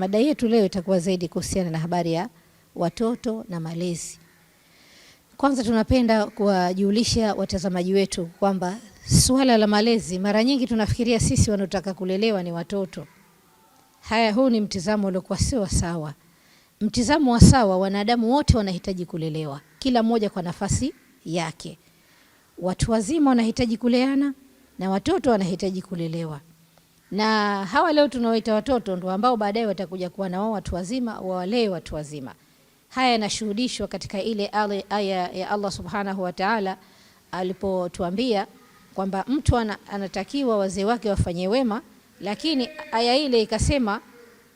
Mada yetu leo itakuwa zaidi kuhusiana na habari ya watoto na malezi. Kwanza tunapenda kuwajulisha watazamaji wetu kwamba suala la malezi mara nyingi tunafikiria sisi wanaotaka kulelewa ni watoto. Haya, huu ni mtizamo uliokuwa sio sawa. Mtizamo wa sawa, wanadamu wote wanahitaji kulelewa, kila mmoja kwa nafasi yake. Watu wazima wanahitaji kuleana na watoto wanahitaji kulelewa na hawa leo tunaoita watoto ndo ambao baadaye watakuja kuwa na wao watu wazima wawalee watu wazima. Haya yanashuhudishwa katika ile aya ya Allah subhanahu wa taala alipotuambia kwamba mtu anatakiwa wazee wake wafanye wema, lakini aya ile ikasema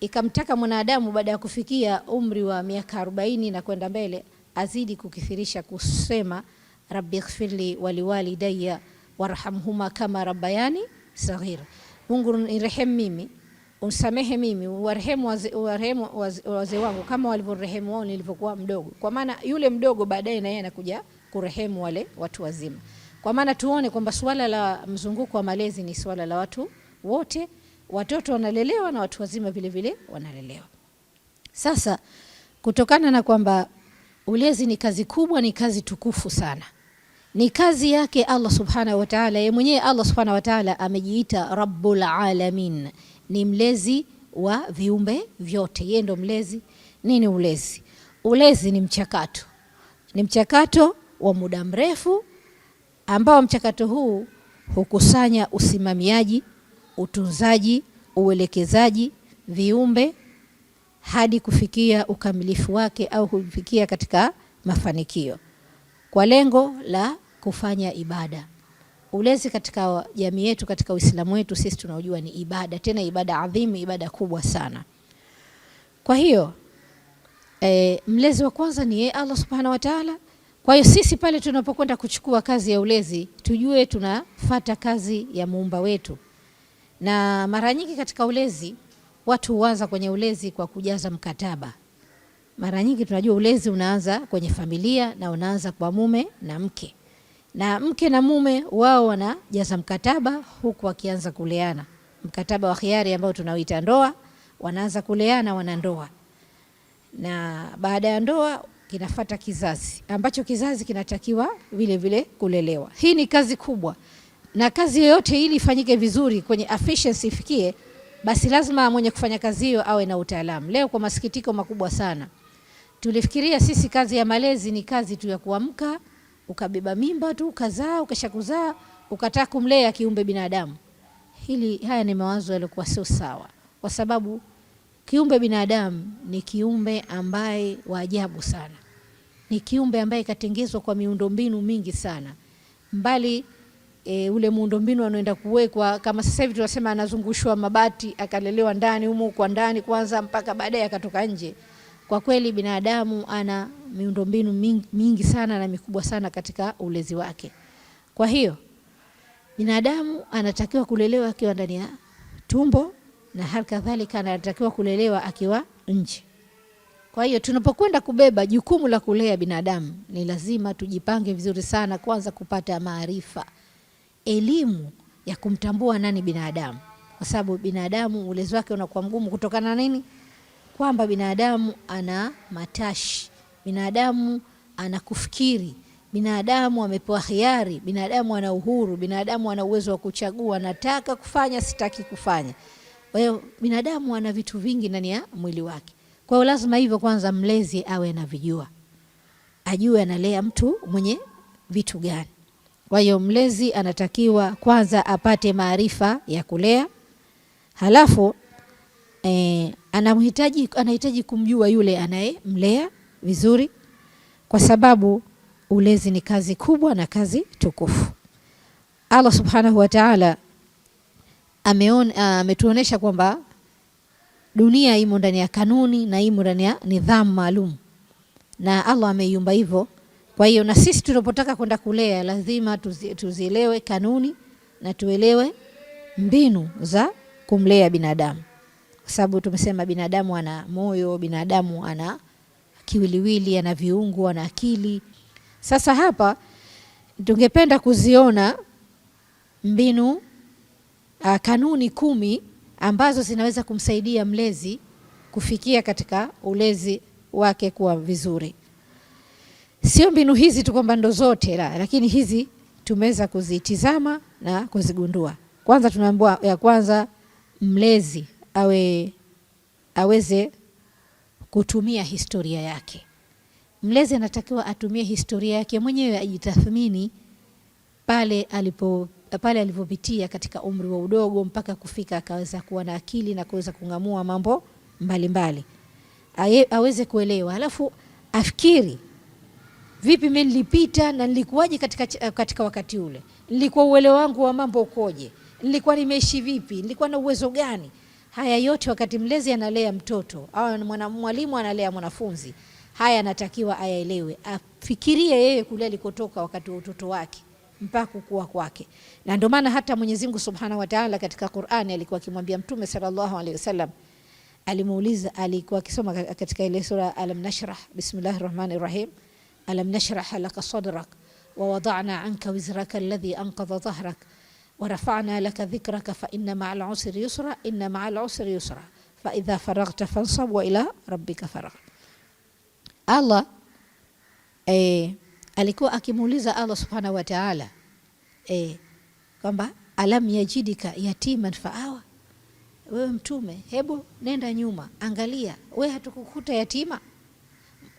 ikamtaka mwanadamu baada ya kufikia umri wa miaka 40 na kwenda mbele azidi kukithirisha kusema rabbighfirli waliwalidayya warhamhuma kama rabbayani saghira. Mungu nirehemu mimi, unisamehe mimi, warehemu wazee waze, waze wangu kama walivyorehemu wao nilipokuwa mdogo. Kwa maana yule mdogo baadaye na yeye anakuja kurehemu wale watu wazima. Kwa maana tuone kwamba suala la mzunguko wa malezi ni suala la watu wote, watoto wanalelewa na watu wazima vile vile wanalelewa. Sasa kutokana na kwamba ulezi ni kazi kubwa, ni kazi tukufu sana ni kazi yake Allah subhanahu wa taala. Yeye mwenyewe Allah subhanahu wa taala amejiita rabbul alamin, ni mlezi wa viumbe vyote. Yeye ndo mlezi. Nini ulezi? Ulezi ni mchakato, ni mchakato wa muda mrefu ambao mchakato huu hukusanya usimamiaji, utunzaji, uelekezaji viumbe hadi kufikia ukamilifu wake au kufikia katika mafanikio kwa lengo la kufanya ibada. Ulezi katika jamii yetu, katika Uislamu wetu sisi tunaojua ni ibada, tena ibada adhimu, ibada kubwa sana. Kwa hiyo e, mlezi wa kwanza ni yeye Allah subhanahu wa taala. Kwa hiyo sisi pale tunapokwenda kuchukua kazi ya ulezi, tujue tunafata kazi ya muumba wetu. Na mara nyingi katika ulezi watu huanza kwenye ulezi kwa kujaza mkataba mara nyingi tunajua ulezi unaanza kwenye familia na unaanza kwa mume na mke, na mke na mume wao wanajaza mkataba huku wakianza kuleana, mkataba wa hiari ambao tunauita ndoa. Wanaanza kuleana wanandoa, na baada ya ndoa kinafata kizazi ambacho kizazi kinatakiwa vile vile kulelewa. Hii ni kazi kubwa, na kazi yoyote ili ifanyike vizuri kwenye efficiency ifikie, basi lazima mwenye kufanya kazi hiyo awe na utaalamu. Leo kwa masikitiko makubwa sana Tulifikiria sisi kazi ya malezi ni kazi tu ya kuamka ukabeba mimba tu ukazaa ukashakuzaa ukataka kumlea kiumbe binadamu. Hili haya ni mawazo yaliokuwa sio sawa, kwa sababu kiumbe binadamu ni kiumbe ambaye wa ajabu sana, ni kiumbe ambaye katengezwa kwa miundombinu mingi sana mbali E, ule muundombinu anaenda kuwekwa kama sasa hivi tunasema anazungushwa mabati akalelewa ndani humo kwa ndani kwanza mpaka baadaye akatoka nje. Kwa kweli binadamu ana miundombinu mingi, mingi sana na mikubwa sana katika ulezi wake. Kwa hiyo binadamu anatakiwa kulelewa akiwa ndani ya tumbo na hali kadhalika anatakiwa kulelewa akiwa nje. Kwa hiyo tunapokwenda kubeba jukumu la kulea binadamu, ni lazima tujipange vizuri sana, kwanza kupata maarifa, elimu ya kumtambua nani binadamu, kwa sababu binadamu ulezi wake unakuwa mgumu kutokana na nini? kwamba binadamu ana matashi, binadamu ana kufikiri, binadamu amepewa hiari, binadamu ana uhuru, binadamu ana uwezo wa kuchagua, nataka kufanya, sitaki kufanya. Kwa hiyo binadamu ana vitu vingi ndani ya mwili wake. Kwa hiyo lazima hivyo kwanza mlezi awe anavijua, ajue analea mtu mwenye vitu gani. Kwa hiyo mlezi anatakiwa kwanza apate maarifa ya kulea, halafu eh, anamhitaji, anahitaji kumjua yule anayemlea vizuri, kwa sababu ulezi ni kazi kubwa na kazi tukufu. Allah subhanahu wa ta'ala ametuonesha kwamba dunia imo ndani ya kanuni na imo ndani ya nidhamu maalum, na Allah ameiumba hivyo. Kwa hiyo na sisi tunapotaka kwenda kulea lazima tuzi, tuzielewe kanuni na tuelewe mbinu za kumlea binadamu kwa sababu tumesema binadamu ana moyo, binadamu ana kiwiliwili, ana viungo, ana akili. Sasa hapa tungependa kuziona mbinu a, ah, kanuni kumi ambazo zinaweza kumsaidia mlezi kufikia katika ulezi wake kuwa vizuri. Sio mbinu hizi tu kwamba ndo zote la, lakini hizi tumeweza kuzitizama na kuzigundua. Kwanza tunaambiwa ya kwanza mlezi awe aweze kutumia historia yake. Mlezi anatakiwa atumie historia yake mwenyewe, ajitathmini pale alipo pale alivyopitia katika umri wa udogo mpaka kufika akaweza kuwa na akili na kuweza kung'amua mambo mbalimbali mbali. Aweze kuelewa alafu afikiri vipi, mimi nilipita na nilikuwaje katika, katika wakati ule, nilikuwa uelewa wangu wa mambo ukoje, nilikuwa nimeishi vipi, nilikuwa na uwezo gani Haya yote wakati mlezi analea mtoto au mwalimu analea mwanafunzi, haya anatakiwa ayaelewe, afikirie yeye kule alikotoka wakati wa utoto wake mpaka kukua kwake. Na ndio maana hata Mwenyezi Mungu Subhanahu wa Ta'ala katika Qur'ani alikuwa akimwambia Mtume sallallahu alaihi wasallam, alimuuliza, alikuwa akisoma katika ile sura Alam nashrah, bismillahir rahmanir rahim, Alam nashrah laka sadrak wa wada'na anka wizraka alladhi anqadha dhahrak warafana laka dhikraka fa inna ma'al usri yusra inna ma'al usri yusra fa idha faraghta fansab wa ila rabbika faragh. Allah eh, alikuwa akimuuliza Allah subhanahu wa ta'ala eh, kwamba alam yajidika yatiman faawa, wewe mtume, hebu nenda nyuma, angalia, we hatukukuta yatima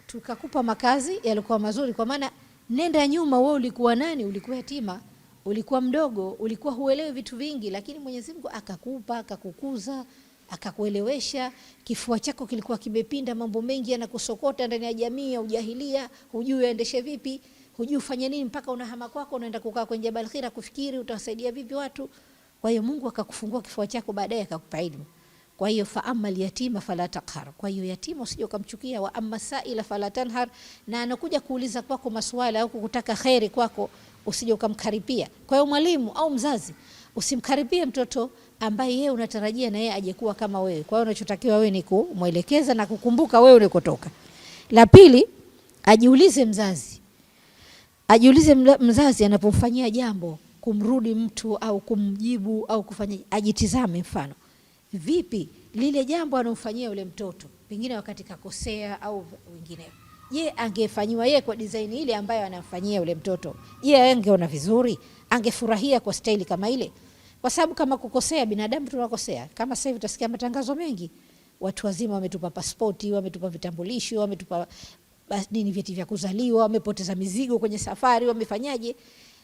tukakupa makazi yalikuwa mazuri. Kwa maana nenda nyuma, wewe ulikuwa nani? Ulikuwa yatima ulikuwa mdogo, ulikuwa huelewi vitu vingi, lakini Mwenyezi Mungu akakupa, akakukuza, akakuelewesha. Kifua chako kilikuwa kimepinda, mambo mengi yanakusokota ndani ya jamii ya ujahilia, hujui uendeshe vipi, hujui ufanye nini, mpaka unahama kwako, unaenda kukaa kwenye Jabal Khira kufikiri utawasaidia vipi watu. Kwa hiyo Mungu akakufungua kifua chako, baadaye akakupa elimu. Kwa hiyo fa amma alyatima fala taqhar, kwa hiyo yatima usije ukamchukia. Wa amma saila fala tanhar, na anakuja kuuliza kwako maswala au kukutaka khairi kwako usije ukamkaribia. Kwa hiyo mwalimu au mzazi usimkaribie mtoto ambaye yeye unatarajia na yeye ajekuwa kama wewe. Kwa hiyo unachotakiwa wewe ni kumwelekeza na kukumbuka wewe ulikotoka. La pili, ajiulize mzazi, ajiulize mzazi anapomfanyia jambo, kumrudi mtu au kumjibu au kufanya, ajitizame. Mfano, vipi lile jambo anamfanyia yule mtoto, pengine wakati kakosea au wengineo Je, angefanyiwa yeye kwa design ile ambayo anamfanyia yule mtoto, je, angeona vizuri? Angefurahia kwa staili kama ile? Kwa sababu kama kukosea, binadamu tunakosea. Kama sasa hivi utasikia matangazo mengi, watu wazima wametupa pasipoti, wametupa vitambulisho, wametupa nini, vyeti vya kuzaliwa, wamepoteza mizigo kwenye safari, wamefanyaje,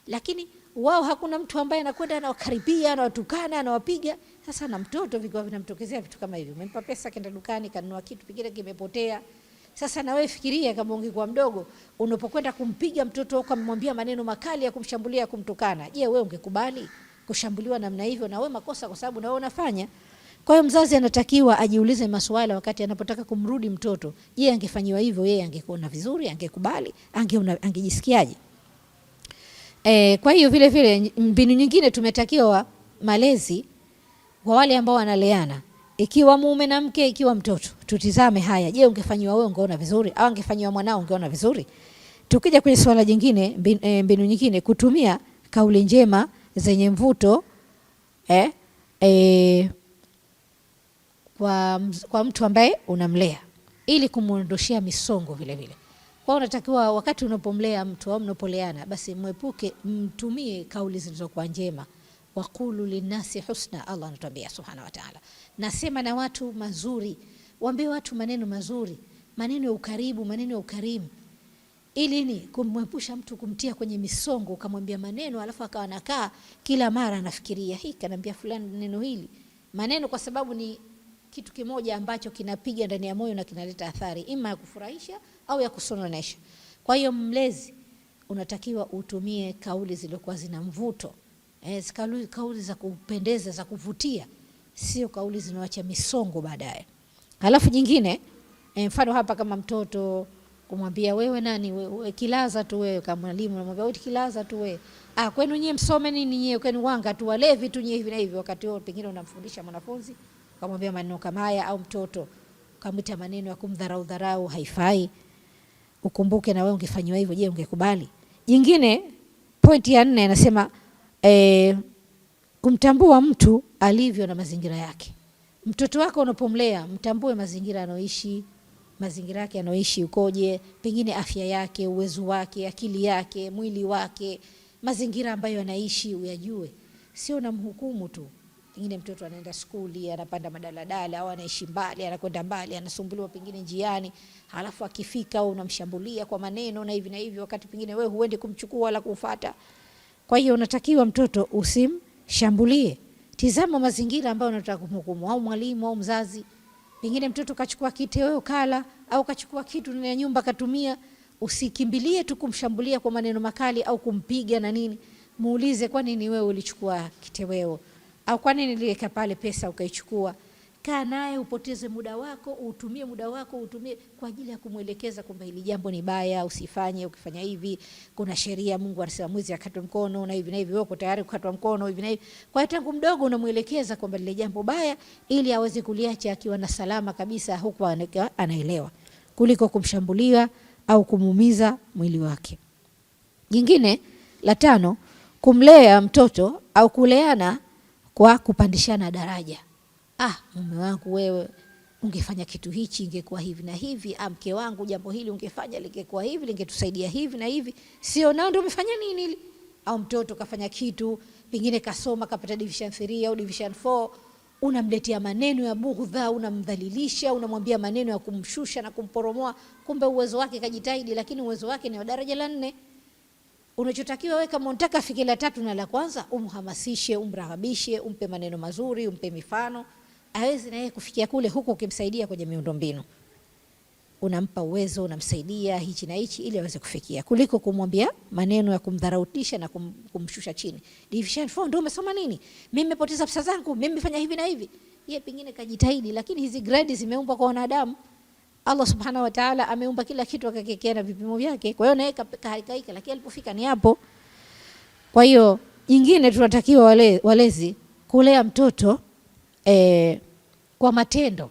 lakini wao hakuna mtu ambaye anakwenda anawakaribia, anawatukana, anawapiga. Sasa na mtoto vikiwa vinamtokezea vitu kama hivyo, umempa pesa, kenda dukani kanunua kitu kingine kimepotea. Sasa na wewe fikiria, kama ungekuwa mdogo, unapokwenda kumpiga mtoto amemwambia maneno makali ya kumshambulia ya kumtukana, je, wewe ungekubali kushambuliwa namna hivyo? Na wewe makosa, kwa sababu na wewe unafanya. Kwa hiyo mzazi anatakiwa ajiulize maswala wakati anapotaka kumrudi mtoto. Je, angefanyiwa hivyo yeye angekuona vizuri? Angekubali? Angejisikiaje? E, kwa hiyo vile vile mbinu nyingine tumetakiwa malezi kwa wale ambao wanaleana ikiwa mume na mke, ikiwa mtoto, tutizame haya. Je, ungefanyiwa wewe ungeona vizuri, au angefanyiwa mwanao ungeona vizuri? Tukija kwenye swala jingine, eh, mbinu nyingine, kutumia kauli njema zenye mvuto eh, eh, kwa, kwa mtu ambaye unamlea ili kumwondoshea misongo vile vile. Kwa unatakiwa wakati unapomlea mtu au mnapoleana, basi mwepuke, mtumie kauli zilizokuwa njema waqulu linnasi husna, Allah anatuambia subhanahu wa ta'ala, nasema na watu mazuri, waambie watu maneno mazuri, maneno ya ukaribu, maneno ya ukarimu, ili ni kumwepusha mtu kumtia kwenye misongo, ukamwambia maneno alafu akawa nakaa kila mara anafikiria, hii kanaambia fulani neno hili maneno, kwa sababu ni kitu kimoja ambacho kinapiga ndani ya moyo na kinaleta athari ima ya kufurahisha au ya kusononesha. Kwa hiyo, mlezi unatakiwa utumie kauli zilizokuwa zina mvuto eh, kauli za kupendeza za kuvutia, sio kauli zinawacha misongo baadaye. Halafu nyingine eh, mfano hapa kama mtoto kumwambia wewe nani wewe, kilaza tu wewe, kama mwalimu anamwambia wewe kilaza tu wewe, ah, kwenu nyie msome nini nyie, kwenu wanga tu walevi tu nyie hivi na hivi. Wakati wote pengine unamfundisha mwanafunzi kumwambia maneno kama haya, au mtoto kumwita maneno ya kumdharau dharau, haifai. Ukumbuke na wewe ungefanywa hivyo, je, ungekubali? Jingine, pointi ya nne anasema e, kumtambua mtu alivyo na mazingira yake. Mtoto wako unapomlea, mtambue mazingira anaoishi, mazingira yake anaoishi ukoje, pengine afya yake, uwezo wake, akili yake, mwili wake, mazingira ambayo anaishi uyajue, sio namhukumu tu. Pengine mtoto anaenda skuli, anapanda madaladala au anaishi mbali, anakwenda mbali, anasumbuliwa pengine njiani, halafu akifika unamshambulia kwa maneno na hivi na hivi, wakati pengine wewe huendi kumchukua wala kumfuata. Kwa hiyo unatakiwa mtoto usimshambulie. Tizama mazingira ambayo unataka kumhukumu, au mwalimu au mzazi. Pengine mtoto kachukua wewe kala, au kachukua kitu ndani ya nyumba katumia. Usikimbilie tu kumshambulia kwa maneno makali au kumpiga na nini. Muulize, kwa nini wewe ulichukua kiteweo Au kwa nini niliweka pale pesa ukaichukua? kaa naye, upoteze muda wako, utumie muda wako, utumie kwa ajili ya kumwelekeza kwamba hili jambo ni baya, usifanye. Ukifanya hivi, kuna sheria, Mungu anasema mwizi akatwe mkono na hivi na hivi, wako tayari kukatwa mkono hivi na hivi. Kwa hiyo tangu mdogo unamwelekeza kwamba lile jambo baya, ili aweze kuliacha akiwa na salama kabisa, huku anaelewa, kuliko kumshambulia au kumuumiza mwili wake. Jingine la tano, kumlea mtoto au kuleana kwa kupandishana daraja ah, mume wangu wewe ungefanya kitu hichi ingekuwa hivi na hivi, ah, mke wangu jambo hili ungefanya lingekuwa hivi, lingetusaidia hivi na hivi, sio nao ndio umefanya nini ili Au mtoto kafanya kitu pengine, kasoma kapata division 3 au division 4 unamletea maneno ya bughdha, unamdhalilisha, unamwambia maneno ya kumshusha na kumporomoa. Kumbe uwezo wake kajitahidi, lakini uwezo wake ni wa daraja la nne. Unachotakiwa wewe, kama unataka afike la tatu na la kwanza, umhamasishe, umrahabishe, umpe maneno mazuri, umpe mifano hawezi naye kufikia kule, huku ukimsaidia kwenye miundombinu, unampa uwezo, unamsaidia hichi na hichi ili aweze kufikia, kuliko kumwambia maneno ya kumdharautisha na kum, kumshusha chini. Division 4 ndio umesoma nini? Mimi nimepoteza pesa zangu, mimi nimefanya hivi na hivi. Yeye pengine kajitahidi, lakini hizi grade zimeumbwa kwa wanadamu. Allah subhanahu wa ta'ala ameumba kila kitu akakekea na vipimo vyake. Kwa hiyo naye kahangaika, lakini alipofika ni hapo. Kwa hiyo jingine tunatakiwa wale, walezi kulea mtoto eh, kwa matendo.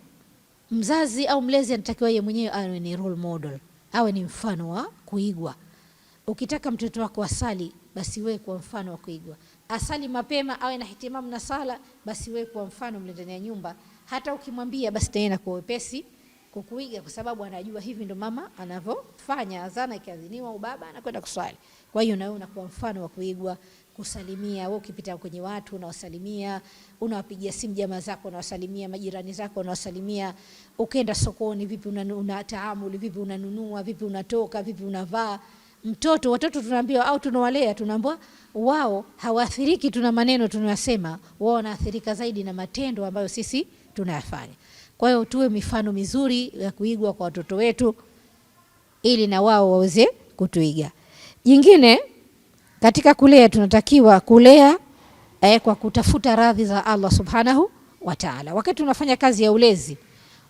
Mzazi au mlezi anatakiwa yeye mwenyewe awe ni role model, awe ni mfano wa kuigwa. Ukitaka mtoto wako asali, basi wewe kwa mfano wa kuigwa. Asali mapema, awe na hitimamu na sala, basi wewe kwa mfano mle ndani ya nyumba. Hata ukimwambia basi tena kwa wepesi kukuiga, kwa sababu anajua hivi ndo mama anavyofanya. Azana ikiadhiniwa, ubaba anakwenda kuswali. Kwa hiyo na wewe unakuwa mfano wa kuigwa kusalimia wewe ukipita kwenye watu unawasalimia, unawapigia simu jamaa zako unawasalimia, majirani zako unawasalimia, ukenda sokoni vipi, unataamuli vipi, unanunua vipi, unatoka vipi, unavaa mtoto. Watoto tunaambiwa au tunawalea, tunaambiwa wao hawaathiriki, tuna maneno tunayosema, wao wanaathirika zaidi na matendo ambayo sisi tunayafanya. Kwa hiyo tuwe mifano mizuri ya kuigwa kwa watoto wetu, ili na wao waweze kutuiga. Jingine katika kulea tunatakiwa kulea eh, kwa kutafuta radhi za Allah subhanahu wa taala. Wakati tunafanya kazi ya ulezi,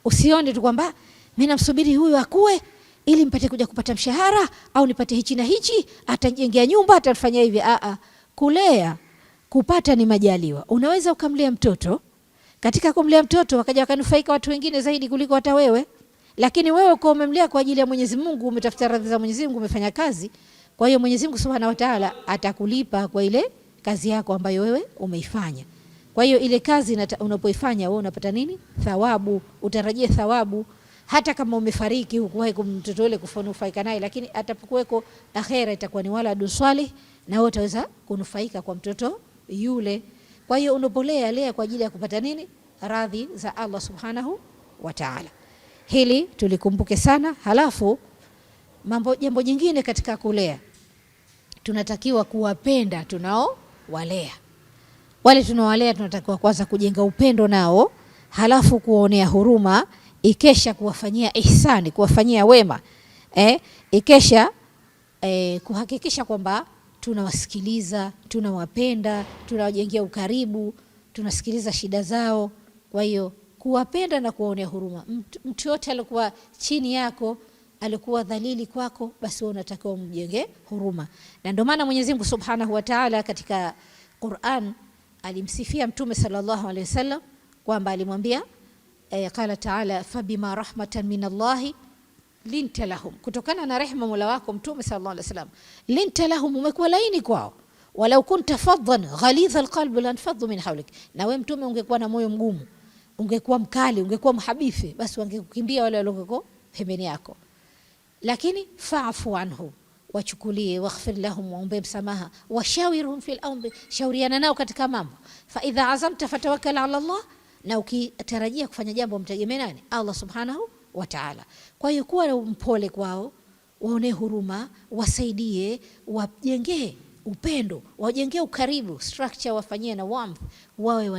usione tu kwamba mimi namsubiri huyu akue ili mpate kuja kupata mshahara au nipate hichi na hichi, atajengea nyumba, atafanya hivi. Aa, ah, ah. kulea kupata ni majaliwa. Unaweza ukamlea mtoto, katika kumlea mtoto wakaja wakanufaika watu wengine zaidi kuliko hata wewe, lakini wewe kwa umemlea kwa ajili ya Mwenyezi Mungu, umetafuta radhi za Mwenyezi Mungu, umefanya kazi kwa hiyo Mwenyezi Mungu Subhanahu wa Ta'ala atakulipa kwa ile kazi yako ambayo wewe umeifanya. Kwa hiyo ile kazi unapoifanya wewe unapata nini? Thawabu, utarajie thawabu hata kama umefariki hukuwahi kumtoto yule kufanufaika naye, lakini atapokuweko akhera itakuwa ni wala duswali na wewe utaweza kunufaika kwa mtoto yule. Kwa hiyo unapolea lea kwa ajili ya kupata nini? Radhi za Allah Subhanahu wa Ta'ala. Hili tulikumbuke sana. Halafu mambo jambo jingine katika kulea tunatakiwa kuwapenda tunaowalea. Wale tunaowalea tunatakiwa kwanza kujenga upendo nao, halafu kuwaonea huruma, ikesha kuwafanyia ihsani, kuwafanyia wema eh, ikesha eh, kuhakikisha kwamba tunawasikiliza, tunawapenda, tunawajengea ukaribu, tunasikiliza shida zao. Kwa hiyo kuwapenda na kuwaonea huruma mtu yote aliyokuwa chini yako alikuwa dhalili kwako, basi wewe unatakiwa umjenge huruma. Na ndio maana Mwenyezi Mungu Subhanahu wa Ta'ala katika Qur'an alimsifia Mtume sallallahu alaihi wasallam kwamba alimwambia e, qala ta'ala fabima rahmatan min Allahi linta lahum, kutokana na rehema Mola wako Mtume sallallahu alaihi wasallam, linta lahum, umekuwa laini kwao walau kunta faddan ghalidha alqalbi lanfaddu min hawlik, na we mtume ungekuwa na moyo mgumu, ungekuwa mkali, ungekuwa mhabifi, basi wangekukimbia wale walioko pembeni yako lakini faafu anhu wachukulie waghfir lahum, waombe msamaha, washawirhum fil amri, shauriana nao katika mambo. Fa idha azamta fatawakkal ala Allah, na ukitarajia kufanya jambo mtegemee nani? Allah subhanahu wa ta'ala. Kwa hiyo kuwa mpole kwao, waone huruma, wasaidie, wajengee upendo, wajengee ukaribu, structure wafanyie na warmth, wawe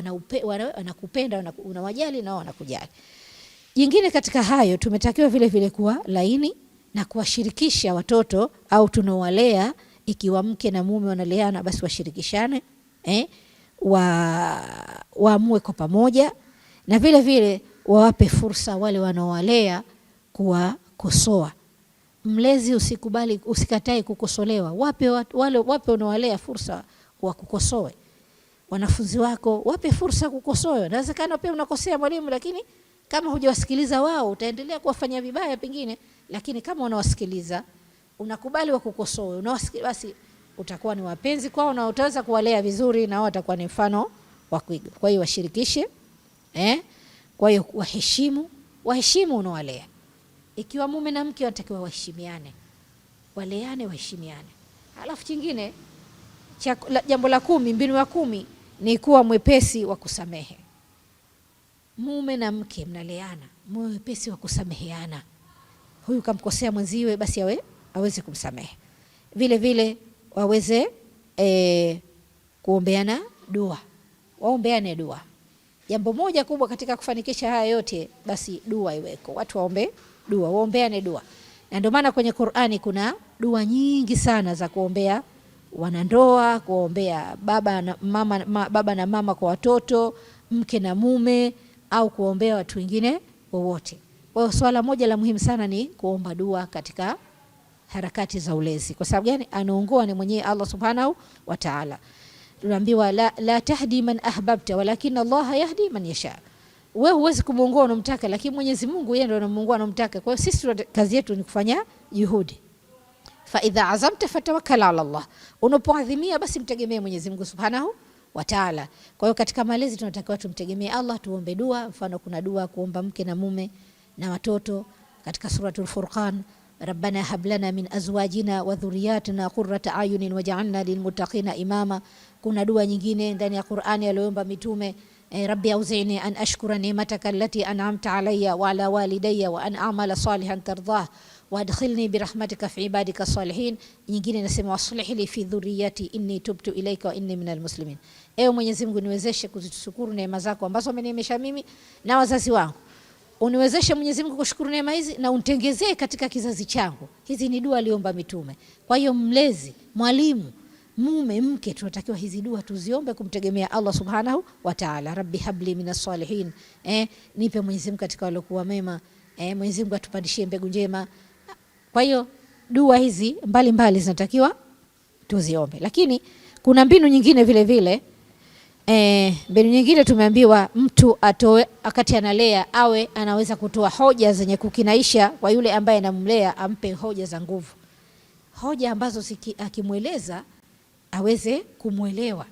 wanakupenda, unawajali na wanakujali. Jingine katika hayo tumetakiwa vile vile kuwa laini na kuwashirikisha watoto au tunaowalea, ikiwa mke na mume wanaleana, basi washirikishane eh, wa waamue kwa pamoja, na vile vile wawape fursa wale wanaowalea kuwakosoa. Mlezi, usikubali usikatae kukosolewa, wape wale wape wanaowalea fursa wa kukosoe. Wanafunzi wako wape fursa kukosoe. Inawezekana pia unakosea mwalimu, lakini kama hujawasikiliza wao utaendelea kuwafanya vibaya pengine. Lakini kama unawasikiliza, unakubali wakukosoe, unawasikiliza, basi utakuwa ni wapenzi kwao na utaweza kuwalea vizuri, na wao watakuwa ni mfano wa kuiga. Kwa hiyo washirikishe, eh? Kwa hiyo waheshimu, waheshimu unaowalea. Ikiwa mume na mke wanatakiwa waheshimiane, waleane, waheshimiane. Alafu chingine jambo la kumi, mbinu ya kumi ni kuwa mwepesi wa kusamehe. Mume na mke mnaleana, mwepesi wa kusameheana huyu kamkosea mwenziwe, basi awe aweze kumsamehe vile vile, waweze e, kuombeana dua, waombeane dua. Jambo moja kubwa katika kufanikisha haya yote, basi dua iweko, watu waombe dua, waombeane dua, na ndio maana kwenye Qur'ani kuna dua nyingi sana za kuombea wanandoa, kuombea baba na mama, ma, baba na mama kwa watoto, mke na mume, au kuombea watu wengine wowote. Kwa hiyo swala moja la muhimu sana ni kuomba dua katika harakati za ulezi. Kwa sababu gani? Anaongoa ni mwenyewe Allah subhanahu wa ta'ala. Tunaambiwa la, la tahdi man ahbabta walakin Allah yahdi man yasha. Wewe huwezi kumuongoa unamtaka, lakini Mwenyezi Mungu yeye ndiye anamuongoa anamtaka. Kwa hiyo sisi kazi yetu ni kufanya juhudi. Fa idha azamta fatawakkal ala Allah, unapoadhimia basi mtegemee Mwenyezi Mungu subhanahu wa ta'ala. Kwa hiyo katika malezi tunatakiwa tumtegemee Allah, tuombe dua. Mfano kuna dua kuomba mke na mume na watoto katika Suratul Furqan, rabbana hab lana min azwajina wa dhurriyatina qurrata ayunin waj'alna lilmuttaqina imama. Kuna dua nyingine ndani ya Qur'ani aliyoomba mitume eh, rabbi auzini an ashkura ni'mataka allati an'amta alayya wa ala walidayya wa an a'mala salihan tardah wa adkhilni bi rahmatika fi ibadika salihin. Nyingine nasema waslih li fi dhurriyyati inni tubtu ilayka wa inni minal muslimin. Ewe Mwenyezi Mungu niwezeshe kuzishukuru neema zako ambazo umenimesha mimi na wazazi wangu uniwezeshe Mwenyezi Mungu kushukuru neema hizi na untengezee katika kizazi changu. Hizi ni dua aliomba mitume. Kwa hiyo mlezi, mwalimu, mume, mke, tunatakiwa hizi dua tuziombe kumtegemea Allah subhanahu wa ta'ala. Rabbi habli minas salihin, eh, nipe Mwenyezi Mungu katika waliokuwa mema. Eh, Mwenyezi Mungu atupandishie mbegu njema. Kwa hiyo dua hizi mbalimbali mbali zinatakiwa tuziombe, lakini kuna mbinu nyingine vile vile Eh, mbinu nyingine tumeambiwa mtu atoe wakati analea awe anaweza kutoa hoja zenye kukinaisha kwa yule ambaye anamlea, ampe hoja za nguvu, hoja ambazo siki, akimweleza aweze kumwelewa.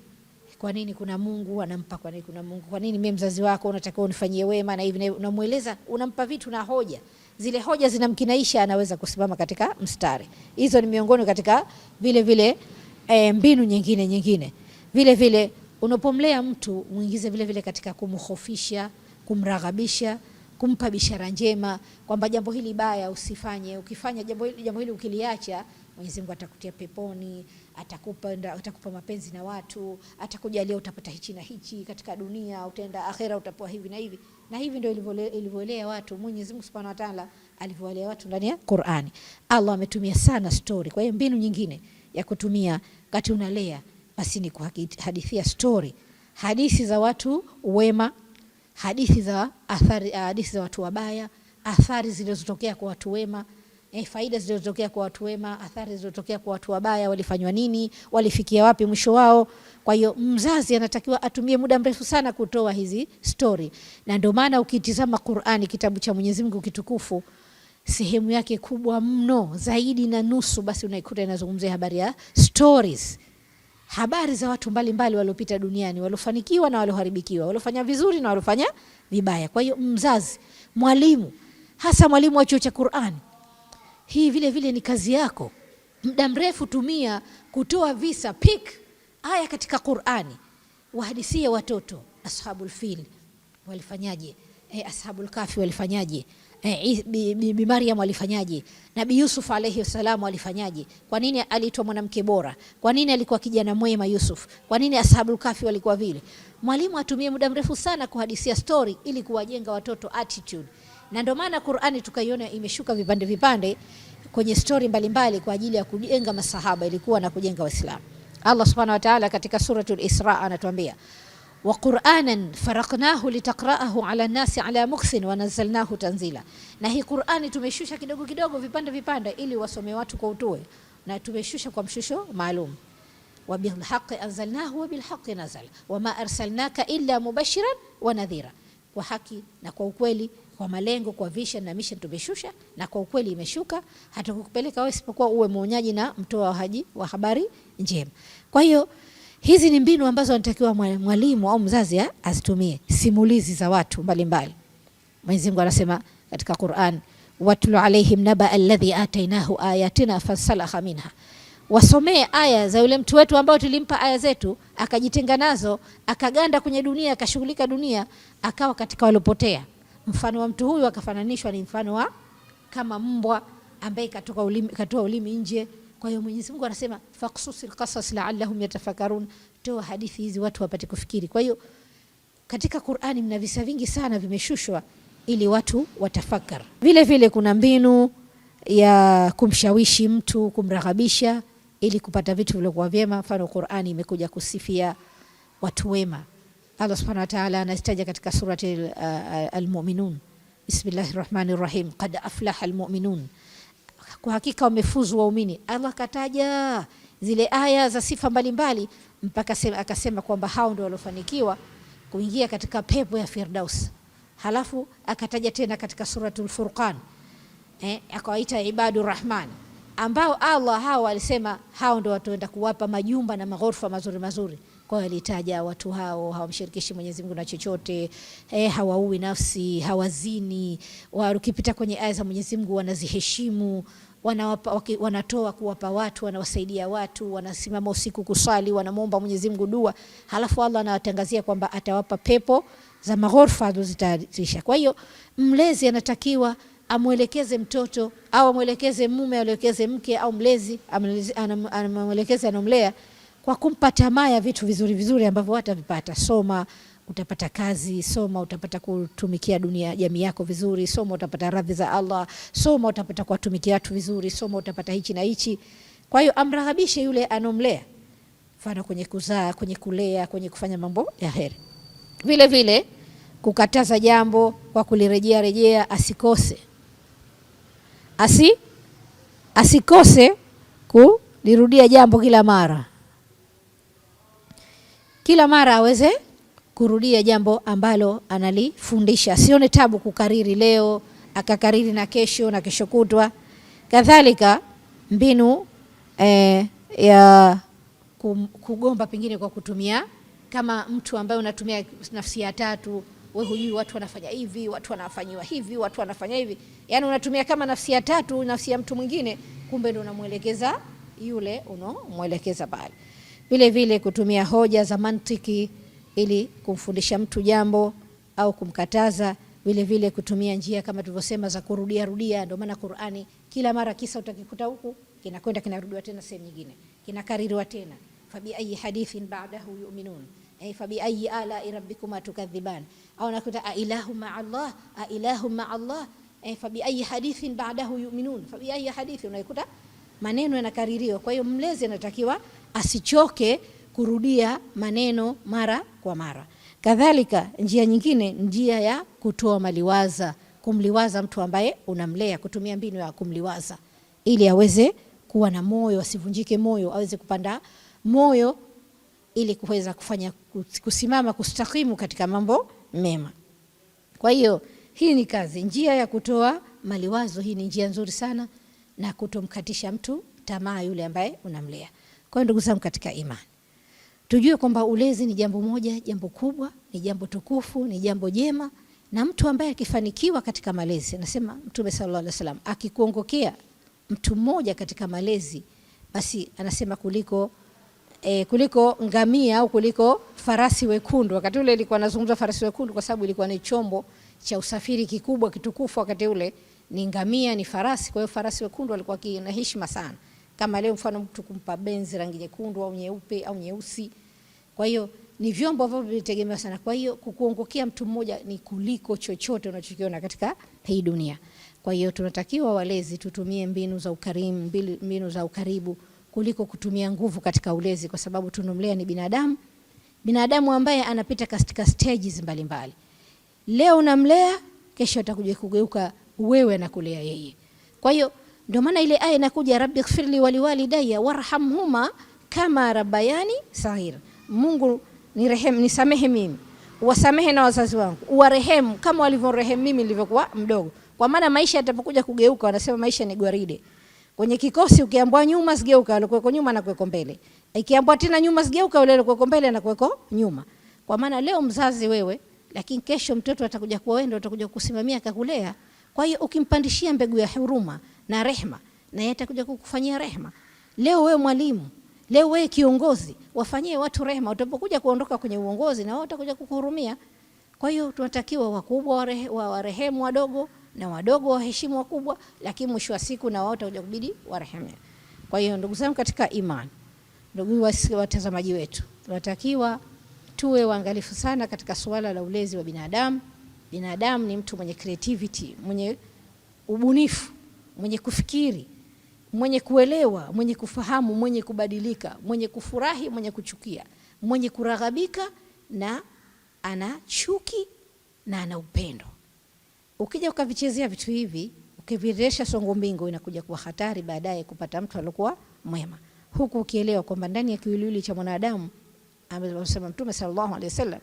Kwa nini kuna Mungu anampa, kwa nini kuna Mungu, kwa nini mimi mzazi wako unatakiwa unifanyie wema na hivi, unamweleza unampa vitu na hoja, zile hoja zinamkinaisha, anaweza kusimama katika mstari. Hizo ni miongoni katika vile vile eh, mbinu nyingine nyingine vile vile Unapomlea mtu muingize vile vile katika kumhofisha, kumraghabisha, kumpa bishara njema kwamba jambo hili baya usifanye, ukifanya jambo hili, jambo hili ukiliacha Mwenyezi Mungu atakutia peponi, atakupa, atakupa mapenzi na watu, atakujalia utapata hichi na hichi katika dunia, utaenda akhera utapoa hivi na hivi na hivi. Ndio ilivyoelea watu Mwenyezi Mungu Subhanahu wa Ta'ala alivyowalea watu ndani ya Qur'ani. Allah ametumia sana story, kwa hiyo mbinu nyingine ya kutumia kati unalea basi ni kuhadithia story, hadithi za watu wema, hadithi za athari, hadithi za watu wabaya, athari zilizotokea kwa watu wema eh, faida zilizotokea kwa watu wema, athari zilizotokea kwa watu wabaya, walifanywa nini, walifikia wapi, mwisho wao. Kwa hiyo mzazi anatakiwa atumie muda mrefu sana kutoa hizi stori, na ndio maana ukitizama Qur'ani, kitabu cha Mwenyezi Mungu kitukufu sehemu yake kubwa mno zaidi na nusu basi unaikuta inazungumzia habari ya stories habari za watu mbalimbali waliopita duniani, waliofanikiwa na walioharibikiwa, waliofanya vizuri na waliofanya vibaya. Kwa hiyo mzazi, mwalimu, hasa mwalimu wa chuo cha Qur'ani, hii vile vile ni kazi yako. Muda mrefu tumia kutoa visa pick aya katika Qur'ani, wahadisie watoto ashabul fil walifanyaje, eh, ashabul kafi walifanyaje eh, Bibi nabi alifanyaje? Nabii Yusuf alayhi salamu alifanyaje? Kwa nini aliitwa mwanamke bora? Kwa nini alikuwa kijana mwema Yusuf? Kwa nini ashabul kahfi walikuwa vile? Mwalimu atumie muda mrefu sana kuhadisia story ili kuwajenga watoto attitude, na ndio maana Qur'ani tukaiona imeshuka vipande vipande kwenye stori mbalimbali kwa ajili ya kujenga masahaba ilikuwa na kujenga Waislamu. Allah subhanahu wa ta'ala katika suratul Isra anatuambia wa Qur'anan faraqnahu litaqra'ahu ala nasi ala muksin wa nazzalnahu tanzila, na hii Qur'ani tumeshusha kidogo kidogo vipande vipande ili wasome watu kwa utue, na tumeshusha kwa mshusho maalum. Wa bil haqqi anzalnahu wa bil haqqi nazala wa ma arsalnaka illa mubashiran wa nadhira, kwa haki na kwa ukweli, kwa malengo, kwa vision na mission tumeshusha, na kwa ukweli imeshuka, hatukupeleka wewe isipokuwa uwe mwonyaji na mtoa wa haji wa habari njema. Kwa hiyo Hizi ni mbinu ambazo anatakiwa mwalimu au mzazi eh, azitumie, simulizi za watu mbalimbali. Mwenyezi Mungu anasema katika Qur'an, watlu alaihim naba alladhi atainahu ayatina fasalakha minha, wasomee aya za yule mtu wetu ambao tulimpa aya zetu akajitenga nazo akaganda kwenye dunia akashughulika dunia akawa katika waliopotea. Mfano wa mtu huyu akafananishwa ni mfano wa kama mbwa ambaye katoa ulimi, katoa ulimi nje kwa hiyo Mwenyezi Mungu anasema faqsusil qasas la'allahum yatafakarun, toa hadithi hizi watu wapate kufikiri. Kwa hiyo katika Qur'ani mna visa vingi sana vimeshushwa ili watu watafakar. Vile vile kuna mbinu ya kumshawishi mtu, kumraghabisha ili kupata vitu vilivyokuwa vyema. Mfano, Qur'ani imekuja kusifia watu wema. Allah Subhanahu wa Ta'ala anastaja katika surati Al-Mu'minun, Bismillahir Rahmanir Rahim, qad aflaha al-mu'minun kwa hakika wamefuzu waumini. Allah kataja zile aya za sifa mbalimbali mpaka sema, akasema kwamba hao ndio waliofanikiwa kuingia katika pepo ya Firdaus. Halafu akataja tena katika suratul Furqan eh, akawaita ibadu rahman ambao Allah hao alisema hao ndio wataenda kuwapa majumba na maghorofa mazuri mazuri. Kwa hiyo alitaja watu hao hawamshirikishi Mwenyezi Mungu na chochote eh, hawaui nafsi, hawazini, wakipita kwenye aya za Mwenyezi Mungu wanaziheshimu wanawapa, wanatoa kuwapa watu, wanawasaidia watu, wanasimama usiku kusali, wanamwomba Mwenyezi Mungu dua, halafu Allah anawatangazia kwamba atawapa pepo za maghorfa zitarisha. Kwa hiyo mlezi anatakiwa amwelekeze mtoto au amwelekeze mume, aelekeze mke au mlezi amwelekeze anomlea kwa kumpa tamaa ya vitu vizuri vizuri ambavyo hatavipata. Soma, utapata kazi, soma utapata kutumikia dunia jamii yako vizuri, soma utapata radhi za Allah, soma utapata kuwatumikia watu vizuri, soma utapata hichi na hichi. Kwa hiyo amrahabishe yule anomlea, mfano kwenye kuzaa, kwenye kulea, kwenye kufanya mambo ya heri. Vile vile kukataza jambo kwa kulirejea rejea, asikose asi asikose kulirudia jambo kila mara, kila mara aweze kurudia jambo ambalo analifundisha. Sione tabu kukariri leo, akakariri na kesho na kesho kutwa. Kadhalika mbinu eh, ya kugomba pengine kwa kutumia kama mtu ambaye unatumia nafsi ya tatu, we hujui watu wanafanya hivi, watu wanafanyiwa hivi, watu wanafanya hivi, yani unatumia kama nafsi ya tatu, nafsi ya mtu mwingine, kumbe ndo unamwelekeza yule unomwelekeza bali. Vile vile kutumia hoja za mantiki ili kumfundisha mtu jambo au kumkataza. Vile vile kutumia njia kama tulivyosema za kurudia rudia. Ndio maana Qur'ani kila mara kisa utakikuta huku kinakwenda kinarudiwa tena sehemu nyingine kinakaririwa tena, fa bi ayi hadithin ba'dahu yu'minun ay bi ayi ala rabbikuma tukadhiban, au nakuta a ilahu ma Allah a ilahu ma Allah ay bi ayi hadithin ba'dahu yu'minun, fa bi ayi hadithi, unaikuta maneno yanakaririwa. Kwa hiyo mlezi anatakiwa asichoke kurudia maneno mara kwa mara. Kadhalika, njia nyingine, njia ya kutoa maliwaza, kumliwaza mtu ambaye unamlea, kutumia mbinu ya kumliwaza ili aweze kuwa na moyo, asivunjike moyo, aweze kupanda moyo ili kuweza kufanya kusimama, kustakimu katika mambo mema. Kwa hiyo hii ni kazi, njia ya kutoa maliwazo. Hii ni njia nzuri sana na kutomkatisha mtu tamaa yule ambaye unamlea. Kwa hiyo ndugu zangu katika imani Tujue kwamba ulezi ni jambo moja, jambo kubwa, ni jambo tukufu, ni jambo jema, na mtu ambaye akifanikiwa katika malezi, nasema Mtume sallallahu alaihi wasallam, akikuongokea mtu mmoja katika malezi, basi anasema kuliko E, kuliko ngamia au kuliko farasi wekundu. Wakati ule ilikuwa nazungumza farasi wekundu kwa sababu ilikuwa ni chombo cha usafiri kikubwa kitukufu, wakati ule ni ngamia, ni farasi. Kwa hiyo farasi wekundu alikuwa na heshima sana. Kama leo mfano mtu kumpa Benzi rangi nyekundu au nyeupe au nyeusi. Kwa hiyo ni vyombo ambavyo vinategemewa sana. Kwa hiyo kukuongokea mtu mmoja ni kuliko chochote unachokiona katika hii dunia. Kwa hiyo tunatakiwa walezi tutumie mbinu za ukarimu, mbinu za ukaribu kuliko kutumia nguvu katika ulezi, kwa sababu tunamlea ni binadamu, binadamu ambaye anapita katika stages mbalimbali. Leo unamlea, kesho atakuja kugeuka wewe na kulea yeye. Kwa hiyo ndio maana ile aya inakuja, rabbi ighfirli waliwalidayya warhamhuma kama rabbayani saghira, Mungu ni rehemu, nisamehe mimi, wasamehe na wazazi wangu, uwarehemu kama walivyorehemu mimi nilivyokuwa mdogo. Kwa maana maisha yatapokuja kugeuka, wanasema maisha ni gwaride. Kwenye kikosi ukiambwa nyuma sigeuka, alikuweko nyuma na kuweko mbele. Ikiambwa tena nyuma sigeuka, yule alikuweko mbele na kuweko nyuma. Kwa maana leo mzazi wewe, lakini kesho mtoto atakuja kuwa wewe ndio utakuja kusimamia akakulea. Kwa hiyo ukimpandishia mbegu ya huruma na rehma, na yeye atakuja kukufanyia rehma. Leo wewe mwalimu, leo wewe kiongozi, wafanyie watu rehma. Utapokuja kuondoka kwenye uongozi, na wao watakuja kukuhurumia. Kwa hiyo tunatakiwa wakubwa wa warehemu wadogo na wadogo waheshimu wakubwa, lakini mwisho wa siku na wao utakuja kubidi warehemu. Kwa hiyo ndugu zangu katika imani, ndugu watazamaji wetu, tunatakiwa tuwe waangalifu sana katika suala la ulezi wa binadamu. Binadamu ni mtu mwenye creativity, mwenye ubunifu mwenye kufikiri, mwenye kuelewa, mwenye kufahamu, mwenye kubadilika, mwenye kufurahi, mwenye kuchukia, mwenye kuraghabika na ana chuki na ana upendo. Ukija ukavichezea vitu hivi ukiviresha songo mbingo, inakuja kuwa hatari baadaye kupata mtu aliyokuwa mwema, huku ukielewa kwamba ndani ya kiwiliwili cha mwanadamu amesema Mtume sallallahu alaihi wasallam,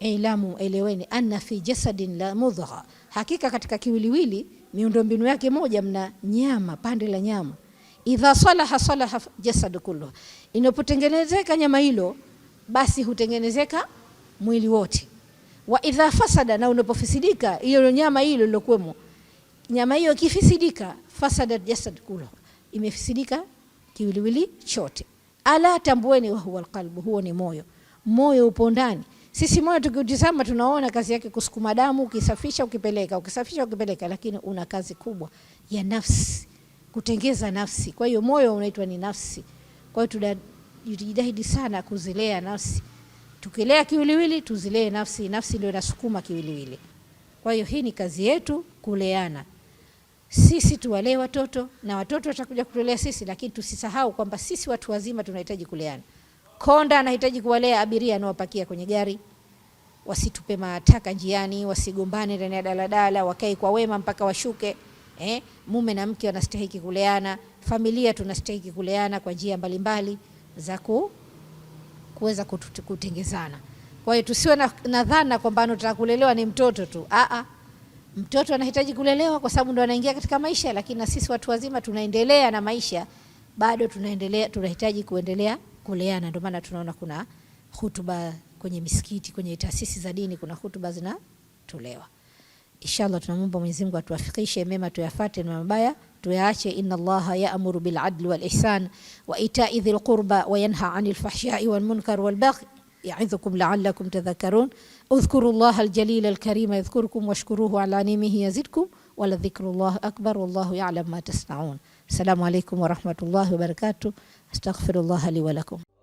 ilamu, eleweni anna fi jasadin la mudgha Hakika katika kiwiliwili miundombinu yake moja, mna nyama, pande la nyama. Idha salaha salaha jasad kullu, inapotengenezeka nyama hilo, basi hutengenezeka mwili wote. Wa idha fasada, na unapofisidika hiyo nyama hilo lilokuwemo, nyama hiyo ikifisidika, fasada jasad kullu, imefisidika kiwiliwili chote. Ala, tambueni, wa huwa alqalbu, huo ni moyo. Moyo upo ndani sisi moyo tukiutizama tunaona kazi yake kusukuma damu, ukisafisha ukipeleka, ukisafisha ukipeleka, lakini una kazi kubwa ya nafsi, kutengeza nafsi. Kwa hiyo moyo unaitwa ni nafsi. Kwa hiyo tunajitahidi sana kuzilea nafsi, tukilea kiwiliwili tuzilee nafsi. Nafsi ndio inasukuma kiwiliwili. Kwa hiyo hii ni kazi yetu, kuleana sisi tuwalee watoto na watoto watakuja kutulea sisi, lakini tusisahau kwamba sisi watu wazima tunahitaji kuleana. Konda anahitaji kuwalea abiria anaopakia kwenye gari, wasitupe mataka njiani, wasigombane ndani ya daladala, wakae kwa wema mpaka washuke. Eh, mume na mke wanastahiki kuleana, familia tunastahiki kuleana kwa njia mbalimbali za kuweza kutengezana. Kwa hiyo tusiwe na, na dhana kwamba nataka kulelewa ni mtoto tu. Aa, mtoto anahitaji kulelewa kwa sababu ndo anaingia katika maisha, lakini na sisi watu wazima tunaendelea na maisha, bado tunaendelea tunahitaji kuendelea kuleana. Ndio maana tunaona kuna hutuba kwenye misikiti, kwenye taasisi za dini, kuna hutuba zinatolewa. Inshallah, tunamuomba Mwenyezi Mungu atuwafikishe mema tuyafate na mabaya tuyaache. Inna Allaha yaamuru bil adli wal ihsan wa ita'i dhil qurba wa yanha 'anil fahsha'i wal munkar wal baghi ya'idhukum la'allakum tadhakkarun. Udhkuru Allaha al jalil al karim yadhkurukum washkuruhu 'ala ni'amihi yazidkum wa la dhikrullahi akbar wallahu ya'lam ma tasna'un. Assalamu alaykum wa rahmatullahi wa barakatuh. أستغفر الله لي ولكم